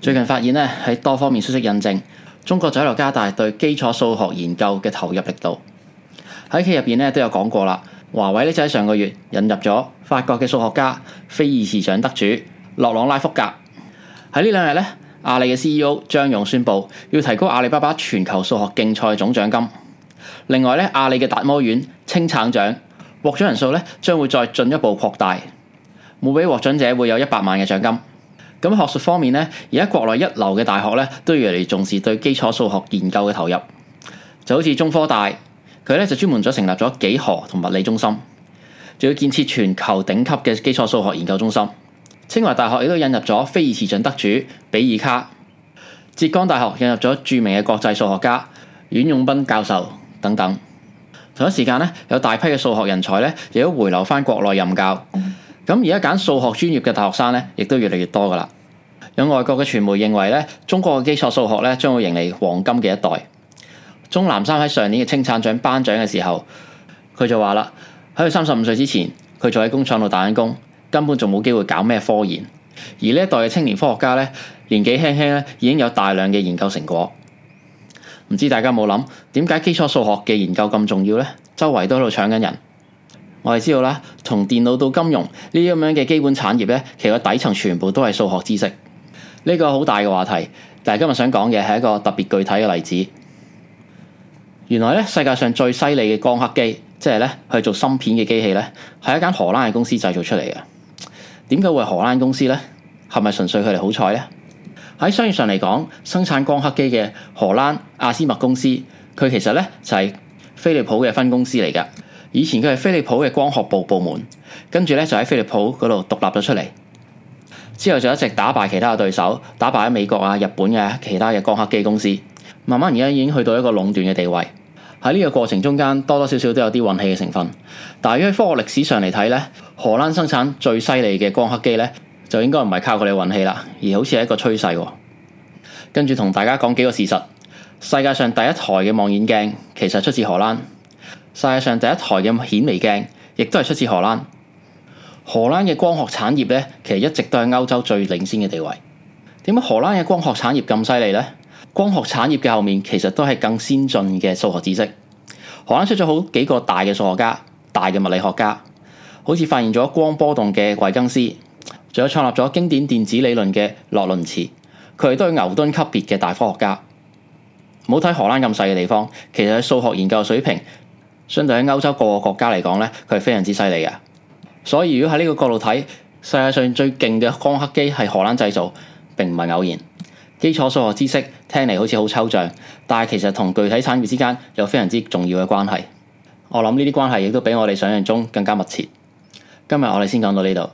最近發現咧，喺多方面消息印證，中國就喺度加大對基礎數學研究嘅投入力度。喺企入邊咧都有講過啦，華為咧就喺上個月引入咗法國嘅數學家菲爾士獎得主洛朗拉福格。喺呢兩日咧，阿里嘅 CEO 張勇宣布要提高阿里巴巴全球數學競賽總獎金。另外咧，阿里嘅達摩院青橙獎獲獎人數咧將會再進一步擴大，每位獲獎者會有一百萬嘅獎金。咁喺學術方面咧，而家國內一流嘅大學咧，都越嚟越重視對基礎數學研究嘅投入。就好似中科大，佢咧就專門咗成立咗幾何同物理中心，仲要建設全球頂級嘅基礎數學研究中心。清華大學亦都引入咗菲爾茲獎得主比爾卡，浙江大學引入咗著名嘅國際數學家阮勇斌教授等等。同一時間咧，有大批嘅數學人才咧，亦都回流翻國內任教。咁而家揀數學專業嘅大學生咧，亦都越嚟越多噶啦。有外國嘅傳媒認為咧，中國嘅基礎數學咧，將會迎嚟黃金嘅一代。鍾南山喺上年嘅青橙獎頒獎嘅時候，佢就話啦：喺佢三十五歲之前，佢仲喺工廠度打緊工，根本仲冇機會搞咩科研。而呢一代嘅青年科學家咧，年紀輕輕咧，已經有大量嘅研究成果。唔知大家有冇諗，點解基礎數學嘅研究咁重要咧？周圍都喺度搶緊人。我哋知道啦，從電腦到金融呢啲咁樣嘅基本產業咧，其實底層全部都係數學知識。呢個好大嘅話題，但係今日想講嘅係一個特別具體嘅例子。原來咧，世界上最犀利嘅光刻機，即係咧去做芯片嘅機器咧，係一間荷蘭嘅公司製造出嚟嘅。點解會係荷蘭公司咧？係咪純粹佢哋好彩咧？喺商業上嚟講，生產光刻機嘅荷蘭阿斯麥公司，佢其實咧就係飛利浦嘅分公司嚟嘅。以前佢係飛利浦嘅光學部部門，跟住咧就喺飛利浦嗰度獨立咗出嚟，之後就一直打敗其他嘅對手，打敗喺美國啊、日本嘅、啊、其他嘅光刻機公司，慢慢而家已經去到一個壟斷嘅地位。喺呢個過程中間，多多少少都有啲運氣嘅成分，但係喺科學歷史上嚟睇咧，荷蘭生產最犀利嘅光刻機咧，就應該唔係靠佢哋運氣啦，而好似係一個趨勢。跟住同大家講幾個事實：世界上第一台嘅望遠鏡其實出自荷蘭。世界上第一台嘅顯微鏡，亦都係出自荷蘭。荷蘭嘅光學產業咧，其實一直都係歐洲最領先嘅地位。點解荷蘭嘅光學產業咁犀利呢？光學產業嘅後面其實都係更先進嘅數學知識。荷蘭出咗好幾個大嘅數學家、大嘅物理學家，好似發現咗光波動嘅惠更斯，仲有創立咗經典電子理論嘅洛倫茨，佢哋都係牛頓級別嘅大科學家。唔好睇荷蘭咁細嘅地方，其實喺數學研究水平。相對喺歐洲各個國家嚟講咧，佢係非常之犀利嘅。所以如果喺呢個角度睇，世界上最勁嘅光刻機係荷蘭製造，並唔係偶然。基礎數學知識聽嚟好似好抽象，但係其實同具體產業之間有非常之重要嘅關係。我諗呢啲關係亦都比我哋想像中更加密切。今日我哋先講到呢度。